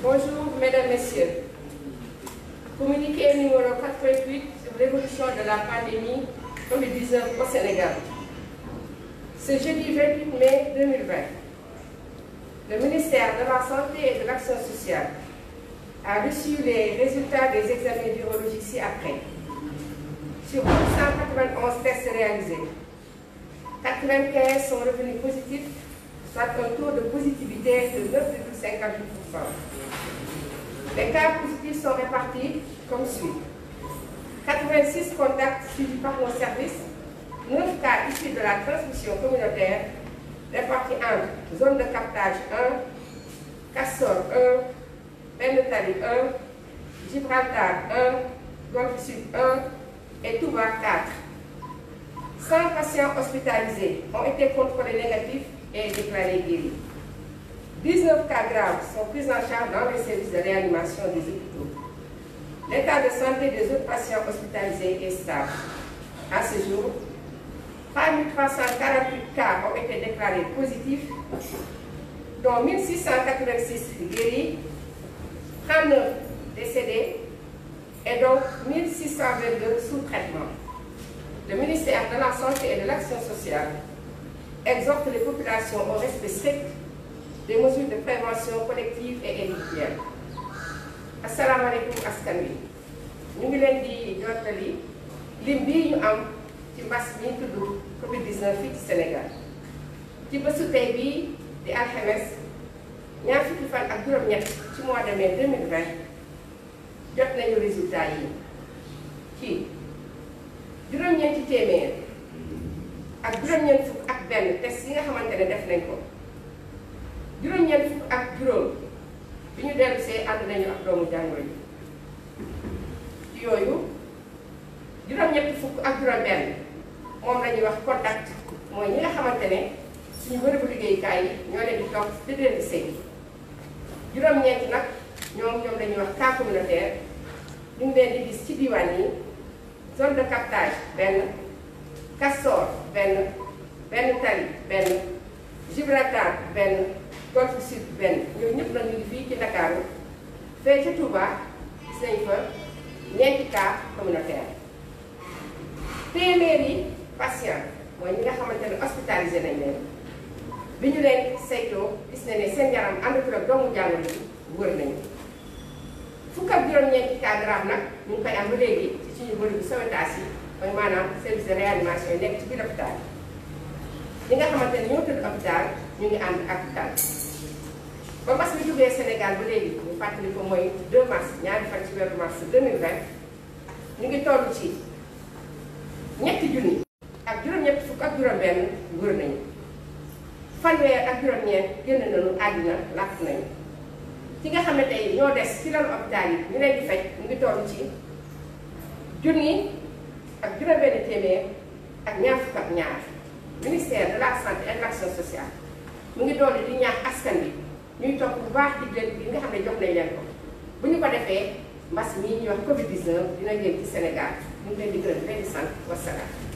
Bonjour, mesdames, messieurs. Communiqué numéro 88, l'évolution de la pandémie COVID-19 au Sénégal. Ce jeudi 28 mai 2020, le ministère de la Santé et de l'Action sociale a reçu les résultats des examens virologiques ci-après. Sur 191 tests réalisés, 95 sont revenus positifs soit un taux de positivité de 9,58%. Les cas positifs sont répartis comme suit. 86 contacts suivis par mon service, 9 cas issus de la transmission communautaire, répartis entre zone de captage 1, Castor 1, Benetali 1, Gibraltar 1, Golfe Sud 1 et Touba 4. 100 patients hospitalisés ont été contrôlés négatifs est déclaré guéri. 19 cas graves sont pris en charge dans les services de réanimation des hôpitaux. L'état de santé des autres patients hospitalisés est stable. À ce jour, 3348 cas ont été déclarés positifs, dont 1686 guéris, 39 décédés et donc 1622 sous traitement. Le ministère de la Santé et de l'Action sociale exhorte les populations au respect strict des mesures de prévention collective et individuelle. Assalamu alaikum askan Nous ñu ngi leen di jottali lim bii ñu am ci mbas mi ñu Covid 19 fii Sénégal ci bésu tey bii di alxames ñaar fukki fan ak juróom-ñett ci mois de mai 2020 jot nañu résultat yi ci juróom-ñeenti téeméer ak juróom-ñeent benn test yi nga xamante ne def nañ ko juróom-ñeent fukk ak juróom bi ñu dellu see ànd nañu ak doomu jàngoro ji ci yooyu juróom-ñetti fukk ak juróom-benn moom lañuy wax contact mooy ñi nga xamante ne suñu bërëbu liggéeyukaay yi ñoo leen di toog di leen sëy juróom-ñeent nag ñoom ñoom la ñuy wax cas communautaire ñu ngi leen di gis ci diwaan yi zone de captage benn Castor benn. benn golfe benn ñoom ñëpp nag ñu fii ci Ndakaaru fee ca Touba gis nañ fa ñeenti cas communautaire téeméeri patient mooy ñi nga xamante ne hospitalisé nañ leen bi ñu leen saytoo gis na ne seen yaram àndatul ak doomu jàngoro nañu fukk ak juróom-ñeenti cas grave nag ñu ngi koy am ba léegi ci suñu bërëbu sauvetage yi mooy maanaam service de réanimation yi nekk ci biir hôpital yi nga xamante ne ñoo tëdd hôpital ñu ngi am ak dal ba mbas mi jubee Sénégal ba léegi ñu fàttali ko mooy 2 mars ñaari fan ci weeru mars 2020 ñu ngi toll ci ñetti junni ak juróom-ñetti fukk ak juróom-benn wër nañu fanweer ak juróom-ñeent génn nañu àddina làkk nañu ci nga xam ne tey ñoo des ci lalu hôpital yi ñu leen di faj ñu ngi toll ci junni ak juróom-benn téeméer ak ñaar fukk ak ñaar ministère de la santé et mu ngi doon di ñaax askan bi ñuy topp bu baax digle bi nga xam ne jox nañ leen ko bu ñu ko defee mbas mii ñuy wax Covid 19 dina jëm ci Sénégal mu ngi leen di gërëm di leen di sant